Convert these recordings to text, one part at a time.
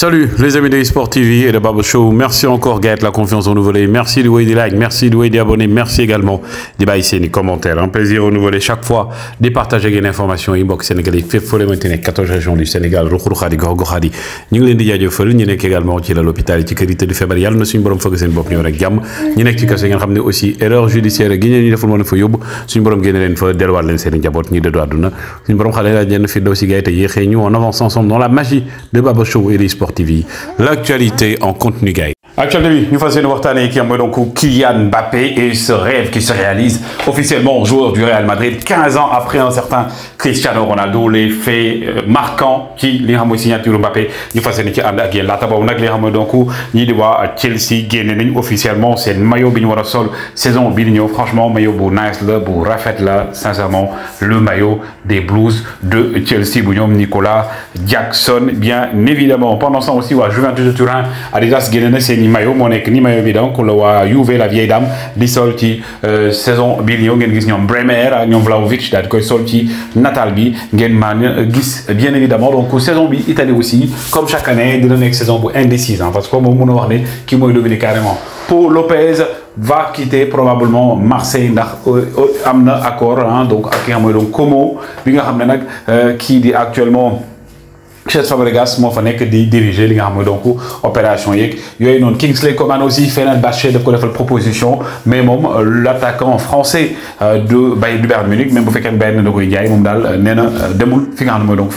Salut les amis de eSport TV et de Babo Show. Merci encore Gaët, la confiance renouvelée. Merci de des likes, merci de des abonnés, merci également des bails commentaires. Un plaisir renouvelé chaque fois de partager des informations inbox sénégalais. Fait folle maintenant 14 régions du Sénégal. Roukhoukhadi, Gorgokhadi. Nous l'avons dit à Dieu, nous sommes également à l'hôpital et à l'hôpital de février. Nous sommes en train de faire des choses. Nous sommes en train de faire aussi erreur judiciaire. Nous sommes en train de faire des choses. Nous sommes en train de faire des choses. Nous sommes de faire Nous sommes en train de faire des choses. Nous sommes en train de faire des choses. avance ensemble dans la magie de Babo Show et l'eSport. TV. L'actualité en contenu gay. Actuellement, nous faisons une waxtaane ki am donc Kylian Mbappé et ce rêve qui se réalise officiellement joueur du Real Madrid 15 ans après un certain Cristiano Ronaldo les faits euh, marquants qui li nga Mbappé ñu faisons ci Chelsea génne officiellement c'est le maillot bi sol saison bi franchement maillot beau nice là, beau rafet là, sincèrement le maillot des Blues de Chelsea bu Nicolas Jackson bien évidemment pendant ce temps aussi à Juventus de Turin Adidas génne c'est maillot moo nekk ni maillot bi donc le waa Juve la vieille dame di solti euh, saison bi ñëw ngeen gis Bremer ak ñom Vlahovic daal di koy bi ngeen euh, gis bien évidemment donc saison bi Italie aussi comme chaque année dina nek saison bu indécise hein, parce que comme mon wax né élevé moy carrément pour Lopez va quitter probablement Marseille ndax euh, amna accord hein, donc ak qui nga donc Como bi nga xamné qui dit di actuellement Cheikh Fabregas moo fa nekk di diriger li nga xam donc opération yeeg yooyu noonu Kingsley Coman aussi Fenerbahçe de quoi faire proposition mais moom euh, l'attaquant français euh, de Bayern Munich même bu fekkee Bayern da koy jaay moom daal euh, nee na demul fi nga xam ne mooy donc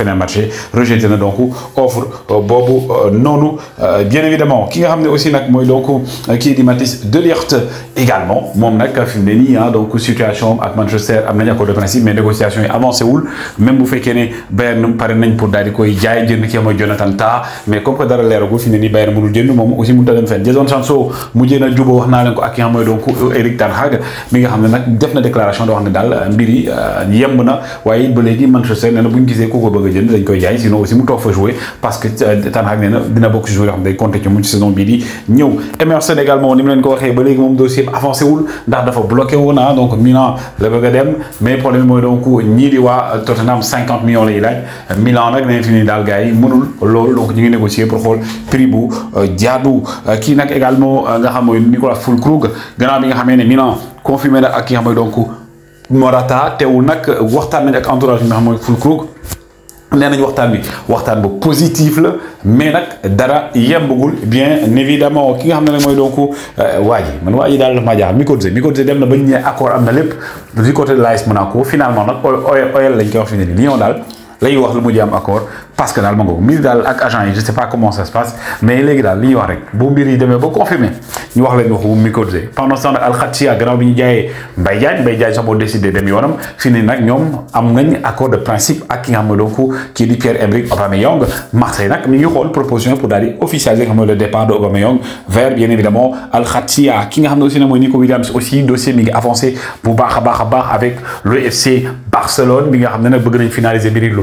rejeté donc offre Bobo Nono. bien évidemment ki nga aussi nag mooy donc kii Matisse Mathis Delirte également moom nag fi mu ne hein, donc situation ak Manchester am nañu accord de principe mais négociation avant avancé Même même bu fekkee ne Bayern pare nañ pour daal di koy yaay jënd kii mooy Jonathan Tah mais comme que dara leeragul fi ni Bayern mënul jënd mom aussi mu a fen fenn Jadon Sancho mujjee na jubóo wax na len ko ak ki nga donc euh, Eric Ten Hag mi nga xamné nak def na déclaration do wax ni dal euh, mbiri euh, yemb na waye ba légui Manchester nee buñu gisé ñu ko bëgg jënd dañ koy jaay sinon aussi mu toog fa jouer parce que Ten Hag nee dina bokk joueur yoo xam day compter ci mu ci saison bi di ñëw Emerson également ni nim leen ko waxé ba légui mom dossier avancé wul ndax dafa bloqué woon ah donc Milan le bëgg dem mais problème mooy donc ñii di waa Tottenham 50 millions lay laaj Milan nak nee fi ni gars yi mënul loolu donc ñu ngi négocier pour xool prix bu euh, jaadu euh, ki nak également euh, nga xam moy Nicolas Füllkrug gannaaw bi nga xamé né Milan confirmé na ak ki nga xam moy donc Morata téwul nak waxtaan nañ ak entourage bi nga xam mooy Füllkrug nee waxtaan bi waxtaan bu positif la mais nak dara yembagul bien évidemment ki nga xam ne nag donc waji man waji dal daal ma jaar Mikodze Mikodze dem na ba ñé accord am na lépp du côté de l'AS Monaco finalement nak OL lañ koy wax fi Lyon dal lay wax lu mu ji accord parce que daal ma ngoog mbir daal ak agent je sais pas comment ça se passe mais léegi daal li ñuy wax rek bu mbir yi confirmé ñu wax leen waxu Mikodze pendant ce temps al khatia grand bi ñu jaayee Mbaye Diagne Mbaye Diagne sax boo décidé dem yoonam fii nii nag am ngañ accord de principe ak ki nga xam ne donc Pierre-Emerick Aubameyang Marseille nak mi ngi xool proposition pour d'aller officialiser nga le départ de Aubameyang vers bien évidemment Alxatia ki nga xam aussi nag mooy Nico Williams aussi dossier mi avancé bu baax a baax avec le fc Barcelone bi nga xam ne nag bëgg nañ finaliser mbir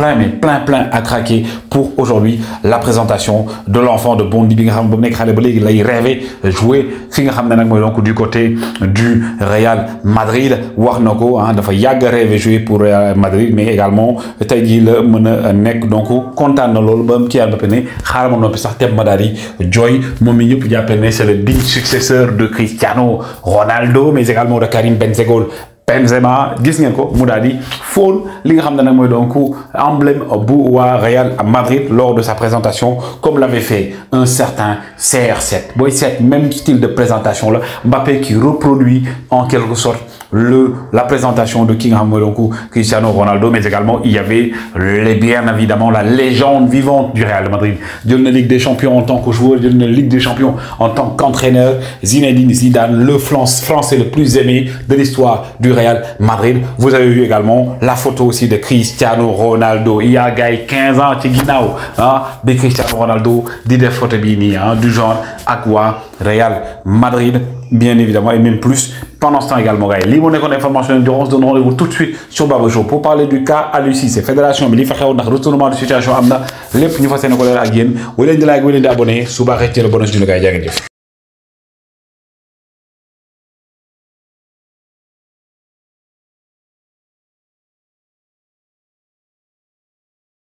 plein, mais plein, plein à craquer pour aujourd'hui la présentation de l'enfant de Bondi Bingham Il a rêvé jouer donc du côté du Real Madrid. Warnoko, hein, il a rêvé jouer pour Madrid, mais également Taïdi le nek donc content de l'album qui a appelé Harmon Pesartem Madari, Joy, Momignou, puis a c'est le digne successeur de Cristiano Ronaldo, mais également de Karim Benzegol. Benzema gis ngeen ko mu daal di emblème Real Madrid lors de sa présentation comme l'avait fait un certain CR7 booy seet même style de présentation Mbappé qui reproduit en quelque sorte le la présentation de kingham Cristiano Ronaldo mais également il y avait les bien évidemment la légende vivante du Real Madrid de la Ligue des Champions en tant que joueur de la Ligue des Champions en tant qu'entraîneur Zinedine Zidane le français le plus aimé de l'histoire du Real Madrid. Vous avez vu également la photo aussi de Cristiano Ronaldo. Il y a 15 ans ci hein, de Cristiano Ronaldo di def photo hein, du genre à quoi Real Madrid bien évidemment et même plus pendant ce temps également les bonnes informations moo information rendez-vous tout de suite sur Babojo pour parler du cas Lucie. C'est fédération bi li fa xew retournement de situation Amna, les plus ñu fas yéene ko leer ak Vous abonné la du gars